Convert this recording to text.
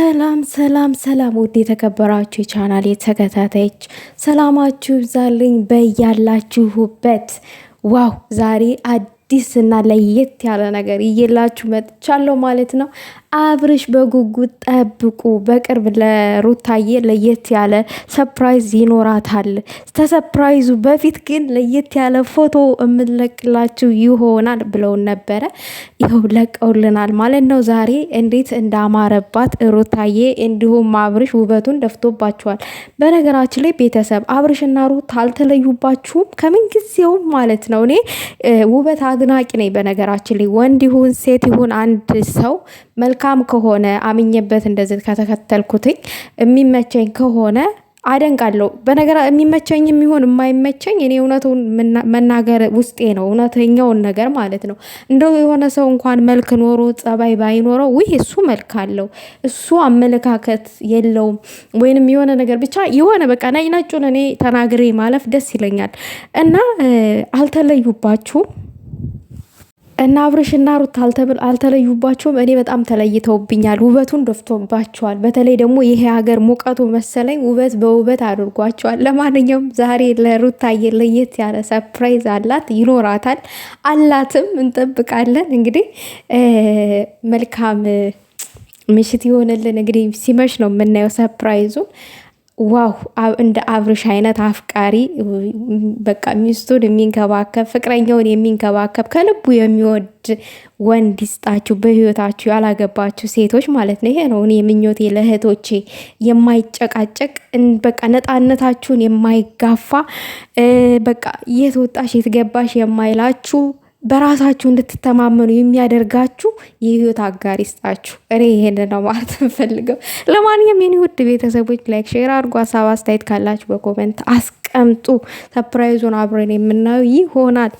ሰላም ሰላም ሰላም ውድ የተከበራችሁ የቻናል የተከታታዮች ሰላማችሁ ይብዛልኝ በያላችሁበት። ዋው ዛሬ አዲስ እና ለየት ያለ ነገር እየላችሁ መጥቻለሁ ማለት ነው። አብርሽ በጉጉት ጠብቁ። በቅርብ ለሩታዬ ለየት ያለ ሰፕራይዝ ይኖራታል። ተሰፕራይዙ በፊት ግን ለየት ያለ ፎቶ የምንለቅላችሁ ይሆናል ብለውን ነበረ። ይኸው ለቀውልናል ማለት ነው። ዛሬ እንዴት እንዳማረባት ሩታዬ እንዲሁም አብርሽ ውበቱን ደፍቶባቸዋል። በነገራችን ላይ ቤተሰብ አብርሽና ሩታ አልተለዩባችሁም፣ ከምንጊዜውም ማለት ነው እኔ ውበት አድናቂ ነኝ። በነገራችን ላይ ወንድ ይሁን ሴት ይሁን አንድ ሰው መልካም ከሆነ አምኜበት እንደዚህ ከተከተልኩትኝ የሚመቸኝ ከሆነ አደንቃለሁ። በነገራ የሚመቸኝ የሚሆን የማይመቸኝ እኔ እውነቱን መናገር ውስጤ ነው፣ እውነተኛውን ነገር ማለት ነው። እንደው የሆነ ሰው እንኳን መልክ ኖሮ ጸባይ ባይኖረው ውይ እሱ መልክ አለው፣ እሱ አመለካከት የለውም ወይንም የሆነ ነገር ብቻ የሆነ በቃ ነጭ ነጩን እኔ ተናግሬ ማለፍ ደስ ይለኛል እና አልተለዩባችሁም። እና እና ሩት አልተለዩባቸውም። እኔ በጣም ተለይተውብኛል። ውበቱን ደፍቶባቸዋል። በተለይ ደግሞ ይሄ ሀገር ሙቀቱ መሰለኝ ውበት በውበት አድርጓቸዋል። ለማንኛውም ዛሬ ለሩታዬ ለየት ያለ ሰርፕራይዝ አላት፣ ይኖራታል፣ አላትም፣ እንጠብቃለን። እንግዲህ መልካም ምሽት ይሆንልን። እንግዲህ ሲመሽ ነው የምናየው ሰርፕራይዙ። ዋው እንደ አብርሽ አይነት አፍቃሪ በቃ ሚስቱን የሚንከባከብ ፍቅረኛውን የሚንከባከብ ከልቡ የሚወድ ወንድ ይስጣችሁ በህይወታችሁ ያላገባችሁ ሴቶች ማለት ነው። ይሄ ነው እኔ ምኞቴ ለእህቶቼ፣ የማይጨቃጨቅ በቃ ነጣነታችሁን የማይጋፋ በቃ የት ወጣሽ የት ገባሽ የማይላችሁ በራሳችሁ እንድትተማመኑ የሚያደርጋችሁ የህይወት አጋር ይስጣችሁ። እኔ ይሄን ነው ማለት እንፈልገው። ለማንኛውም የኔ ውድ ቤተሰቦች ላይክ፣ ሼር አድርጎ ሀሳብ አስተያየት ካላችሁ በኮመንት አስቀምጡ። ሰፕራይዙን አብረን የምናየው ይሆናል።